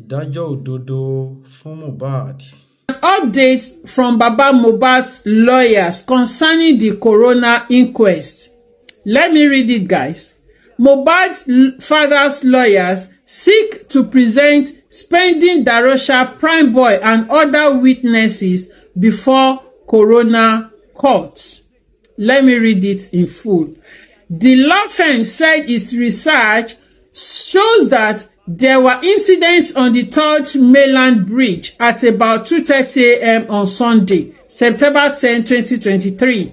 ìdájọ́ òdodo fún Mohbad. An update from Baba Mohbad's lawyers concerning the corona inquest. Let me read it, guys. Mohbad's father's lawyers seek to present Spending Darosha Prime Boy and other witnesses before corona court. Let me read it in full. The law firm said its research shows that There were incidents on the third mainland bridge at about 2:30 a.m. on Sunday, September 10, 2023,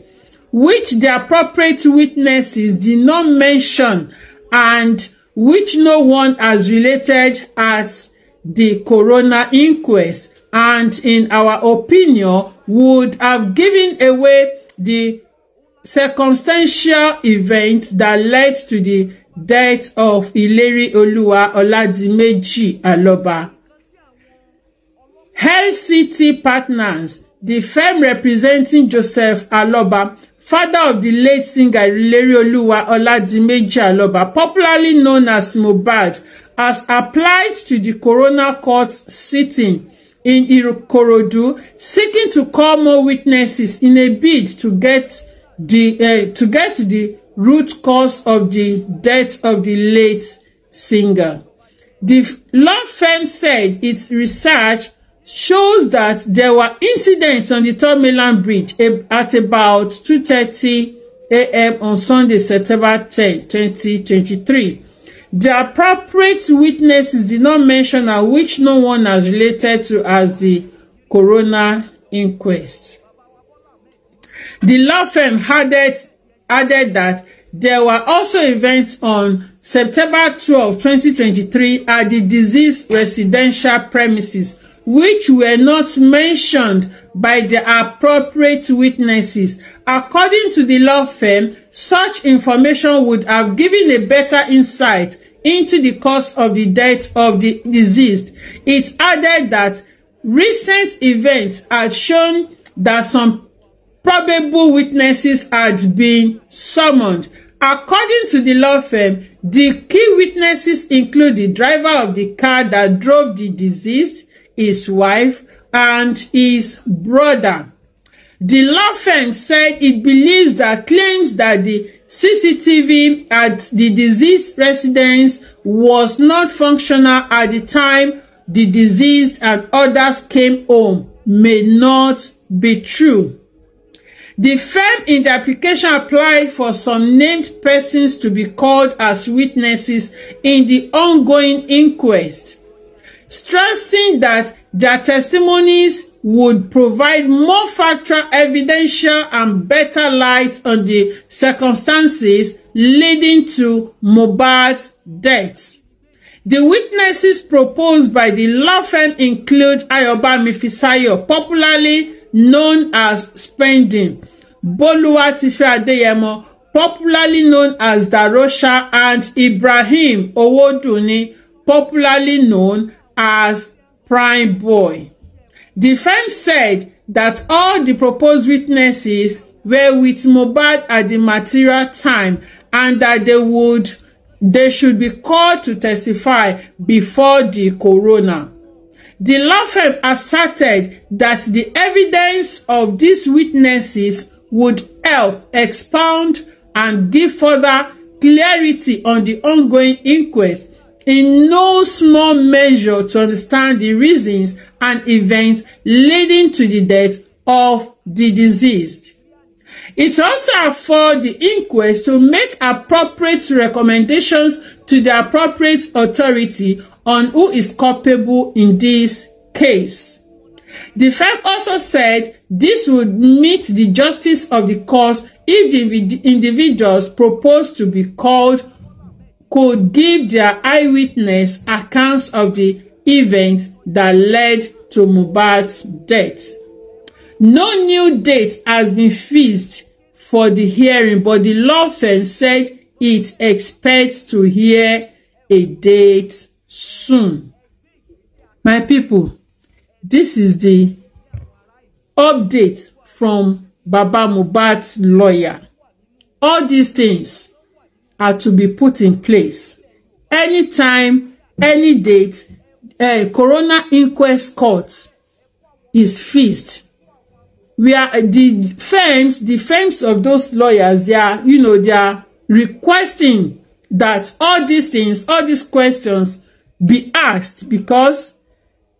which the appropriate witnesses did not mention and which no one has related as the coroner inquest and in our opinion would have given away the circumstantial events that led to the death of Ilerioluwa Oladimeji Aloba. City Partners, the firm representing Joseph Aloba, father of the late singer Ilerioluwa Oladimeji Aloba, popularly known as Mohbad, has applied to the coroner court sitting in Ikorodu, seeking to call more witnesses in a bid to get the uh, to get the root cause of the death of the late singer. The law firm said its research shows that there were incidents on the Third Mainland Bridge at about 2.30 a.m. on Sunday, September 10, 2023. The appropriate witnesses did not mention and which no one has related to as the coroner inquest. The law firm added added that there were also events on September 12, 2023 at the deceased residential premises which were not mentioned by the appropriate witnesses. According to the law firm, such information would have given a better insight into the cause of the death of the deceased. It added that recent events had shown that some probable witnesses had been summoned. According to the law firm, the key witnesses include the driver of the car that drove the deceased, his wife, and his brother. The law firm said it believes that claims that the CCTV at the deceased residence was not functional at the time the deceased and others came home may not be true. The firm in the application applied for some named persons to be called as witnesses in the ongoing inquest, stressing that their testimonies would provide more factual, evidential, and better light on the circumstances leading to Mohbad's death. The witnesses proposed by the law firm include Ayobami Fisayo, popularly known as spending boluwatife adeyemo popularly known as darosha and ibrahim owodunni popularly known as prime boy the firm said that all the proposed witnesses were with mohbad at the material time and that they would they should be called to testify before the coroner The law firm asserted that the evidence of these witnesses would help expound and give further clarity on the ongoing inquest in no small measure to understand the reasons and events leading to the death of the deceased. It also afford the inquest to make appropriate recommendations to the appropriate authority on who is culpable in this case. The firm also said this would meet the justice of the cause if the individuals proposed to be called could give their eyewitness accounts of the events that led to Mubad's death. No new date has been fixed for the hearing, but the law firm said It expects to hear a date soon. My people, this is the update from Baba Mubat's lawyer. All these things are to be put in place anytime, any date. Uh, eh, coroner inquest court is fixed. We are the firms, the firms of those lawyers. They are, you know, they are requesting that all these things, all these questions be asked because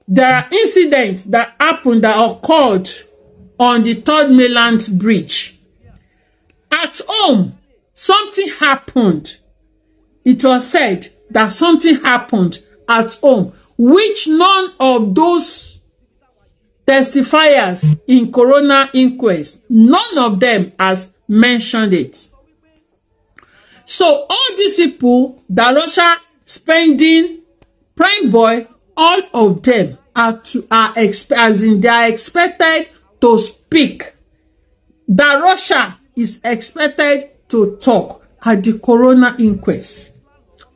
there are incidents that happened that occurred on the third mainland bridge. At home, something happened. It was said that something happened at home, which none of those testifiers in coroner inquest, none of them has mentioned it. So all these people that Russia spending prime boy, all of them are to are exp as in they are expected to speak. That Russia is expected to talk at the corona inquest.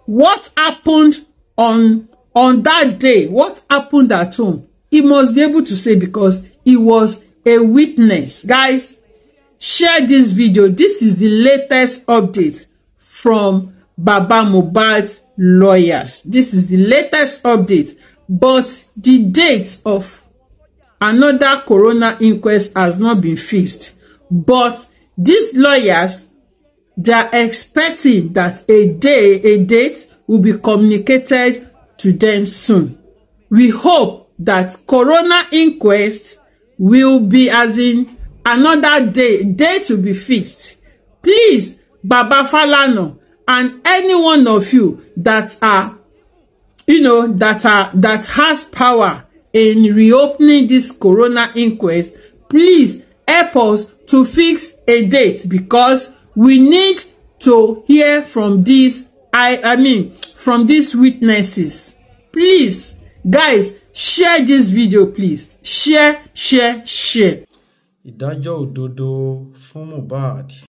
What happened on on that day? What happened at home? He must be able to say because he was a witness. Guys, share this video. This is the latest update from Baba Mubad's lawyers. This is the latest update, but the date of another coroner inquest has not been fixed. But these lawyers, they are expecting that a day, a date will be communicated to them soon. We hope that coroner inquest will be as in another day, date will be fixed. Please Baba Falano, and any one of you that are, you know, that are that has power in reopening this corona inquest, please help us to fix a date because we need to hear from these I, I mean from these witnesses. Please, guys, share this video, please. Share, share, share. Ìdájọ́ òdodo fún